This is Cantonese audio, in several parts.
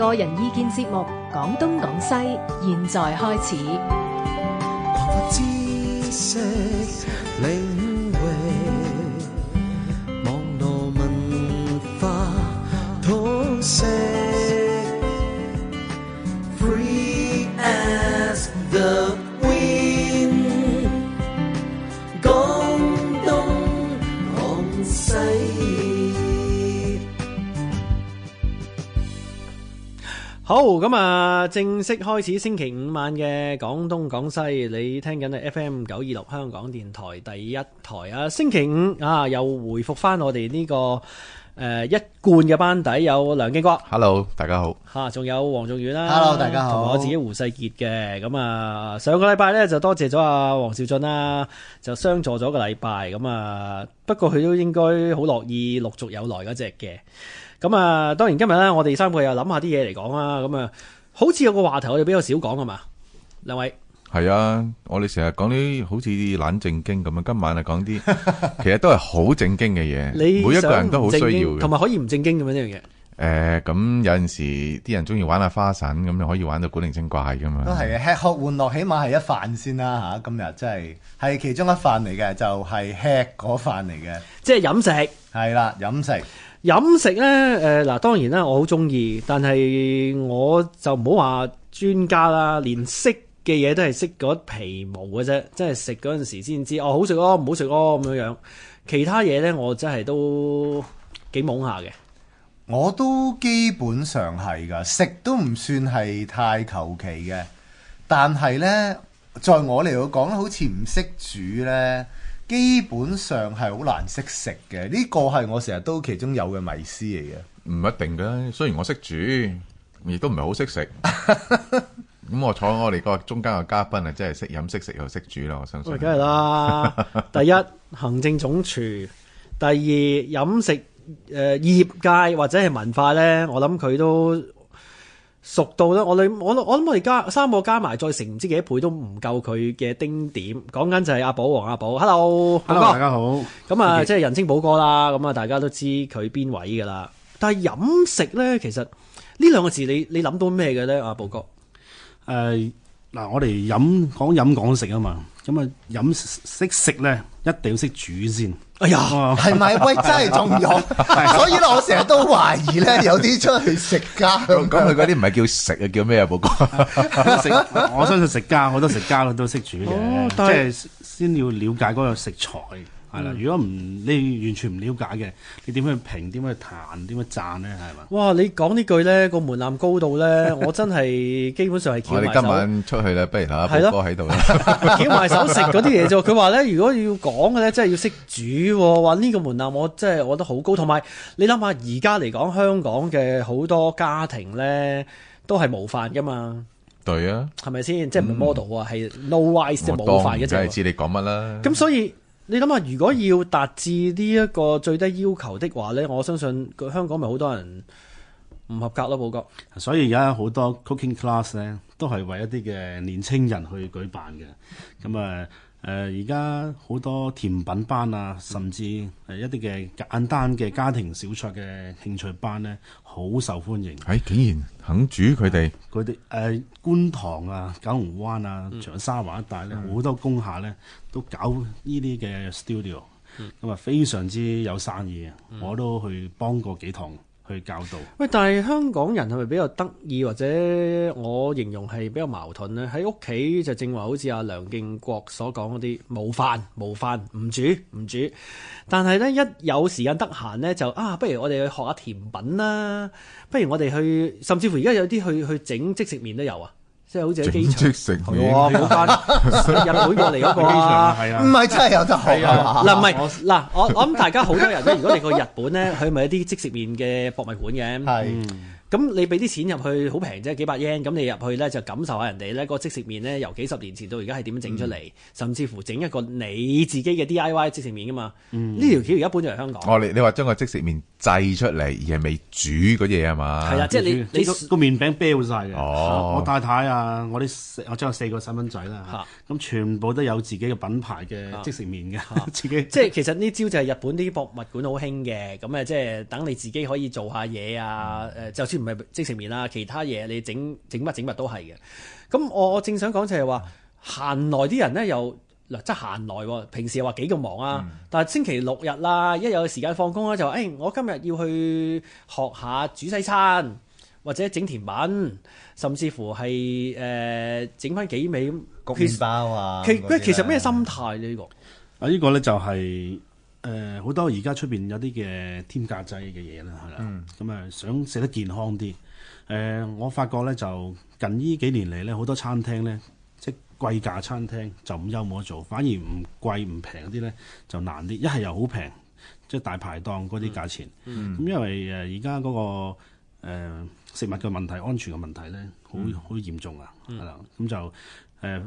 個人意見節目《講東講西》，現在開始。 好，咁啊，正式開始星期五晚嘅廣東廣西，你聽緊啊 FM 九二六香港電台第一台啊，星期五啊，又回覆翻我哋呢個。誒、uh, 一貫嘅班底有梁敬國，Hello，大家好。嚇，仲有黃仲遠啦，Hello，大家好。同我自己胡世傑嘅，咁啊上個禮拜咧就多謝咗阿黃兆俊啦，就相助咗個禮拜，咁啊不過佢都應該好樂意陸續有來嗰隻嘅，咁啊當然今日咧我哋三個又諗下啲嘢嚟講啦，咁啊好似有個話題我哋比較少講啊嘛，兩位。係啊，我哋成日講啲好似懶正經咁啊，今晚啊講啲，其實都係好正經嘅嘢。你 每一個人都好需要，同埋可以唔正經咁樣呢樣嘢。誒、呃，咁有陣時啲人中意玩下花神，咁又可以玩到古靈精怪噶嘛。都係啊，吃喝玩樂起碼係一飯先啦吓，今日真係係其中一飯嚟嘅，就係、是、吃嗰飯嚟嘅，即係飲食係啦，飲食飲食咧誒嗱，當然啦，我好中意，但係我就唔好話專家啦，連識。嘅嘢都係識嗰皮毛嘅啫，即係食嗰陣時先知哦，好食哦，唔好食哦咁樣樣。其他嘢呢，我真係都幾懵下嘅。我都基本上係㗎，食都唔算係太求其嘅。但係呢，在我嚟講咧，好似唔識煮呢，基本上係好難識食嘅。呢個係我成日都其中有嘅迷思嚟嘅。唔一定㗎，雖然我識煮，亦都唔係好識食。 咁我坐我哋個中間嘅嘉賓啊，真係識飲、識食又識煮啦。我相信，梗係啦。第一行政總廚，第二飲食誒、呃、業界或者係文化咧。我諗佢都熟到咧。我哋我我諗我哋加三個加埋，再乘唔知幾多倍都唔夠佢嘅丁點。講緊就係阿保，黃亞保，Hello，Hello，保哥，大家好。咁啊，謝謝，即係人稱保哥啦。咁啊，大家都知佢邊位㗎啦。但係飲食咧，其實呢兩個字你你諗到咩嘅咧？阿、啊、保哥。誒，嗱、呃，我哋飲講飲講食啊嘛，咁啊飲識食咧，一定要識煮先。哎呀呦，係咪、哦、喂真係重要。 所以咧，我成日都懷疑咧，有啲出去食家咁佢嗰啲唔係叫食啊，叫咩啊，冇講。我相信食家好多食家都識煮嘅，哦、即係先要了解嗰個食材。係啦，如果唔你完全唔了解嘅，你點去評？點去彈？點去讚咧？係嘛？哇！你講呢句咧，個門檻高度咧， 我真係基本上係攜埋手。我哋今晚出去咧，不如嚇保哥喺度啦，埋的手食嗰啲嘢啫。佢話咧，如果要講嘅咧，真係要識煮，話呢個門檻我真係我覺得好高。同埋你諗下，而家嚟講香港嘅好多家庭咧，都係無飯噶嘛？對啊，係咪先？即係唔係 model 啊、嗯？係 no rice 即係冇飯嘅，我當梗係知你講乜啦。咁所以。你諗下，如果要達至呢一個最低要求的話呢，我相信香港咪好多人唔合格咯，保哥。所以而家好多 cooking class 呢都係為一啲嘅年青人去舉辦嘅。咁啊～誒而家好多甜品班啊，甚至誒一啲嘅簡單嘅家庭小菜嘅興趣班咧，好受歡迎。係、哎、竟然肯煮佢哋，佢哋誒觀塘啊、九龍灣啊、長沙灣一帶咧，好多工廈咧都搞呢啲嘅 studio，咁啊非常之有生意，我都去幫過幾堂。去教導。喂，但係香港人係咪比較得意，或者我形容係比較矛盾咧？喺屋企就正話，好似阿梁敬國所講嗰啲冇飯冇飯，唔煮唔煮。但係咧，一有時間得閒咧，就啊，不如我哋去學下甜品啦，不如我哋去，甚至乎而家有啲去去整即食麵都有啊。即係好似喺機場，日本過嚟嗰個，唔係真係有得睇啊！嗱，唔係，嗱我我諗 大家好多人都，如果你去日本咧，佢咪一啲即食麪嘅博物館嘅。是嗯咁、嗯、你俾啲錢入去好平啫，幾百 yen 咁、嗯、你入去咧就感受下人哋咧個即食麵咧由幾十年前到而家係點樣整出嚟，嗯、甚至乎整一個你自己嘅 DIY 即食麵噶嘛？呢、嗯、條橋而家搬咗嚟香港。你你話將個即食麵製出嚟而係未煮嗰嘢係嘛？係啊，即係你你個你麵餅啤曬嘅。哦，我太太啊，我啲我將有四個細蚊仔啦，咁、啊啊、全部都有自己嘅品牌嘅即食麵嘅，啊啊、自己。 即係其實呢招就係日本啲博物館好興嘅，咁、嗯、啊即係等你自己可以做下嘢啊，誒就算。唔係即食麵啦，其他嘢你整整乜整乜都係嘅。咁我我正想講就係話閒來啲人咧，又嗱即係閒來，平時又話幾咁忙啊，嗯、但係星期六日啦，一有時間放工咧，就誒、哎、我今日要去學下煮西餐，或者整甜品，甚至乎係誒整翻幾味焗麪包啊。其喂那些 實咩心態呢？呢、啊呢個啊呢個咧就係、是。誒好、呃、多而家出邊有啲嘅添加劑嘅嘢啦，係啦，咁啊、嗯嗯、想食得健康啲。誒、呃、我發覺咧就近呢幾年嚟咧，好多餐廳咧即貴價餐廳就唔憂冇得做，反而唔貴唔平啲咧就難啲。一係又好平，即大排檔嗰啲價錢。咁、嗯嗯嗯、因為誒而家嗰個、呃、食物嘅問題、安全嘅問題咧，好好、嗯、嚴重啊，係啦，咁就誒。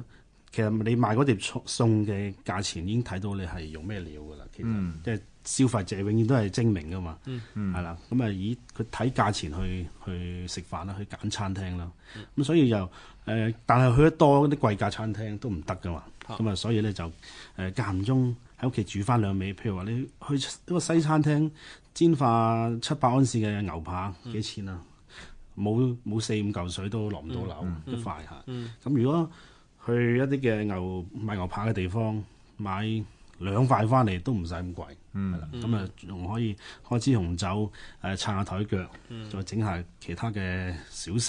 其實你賣嗰碟餸嘅價錢已經睇到你係用咩料噶啦，其實、嗯、即係消費者永遠都係精明噶嘛，嗯嗯，係、嗯、啦，咁啊以佢睇價錢去去食飯啦，去揀餐廳啦，咁、嗯嗯、所以又誒、呃，但係去得多嗰啲貴價餐廳都唔得噶嘛，咁啊所以咧就誒間唔中喺屋企煮翻兩味，譬如話你去嗰個西餐廳煎化七百安士嘅牛扒幾錢呀，冇冇、嗯啊、四五嚿水都落唔到樓，一塊嚇，咁如果。去一啲嘅牛買牛扒嘅地方買兩塊翻嚟都唔使咁貴，嗯，係啦，咁啊仲可以開支紅酒，誒撐下台腳，嗯，再整下其他嘅小食。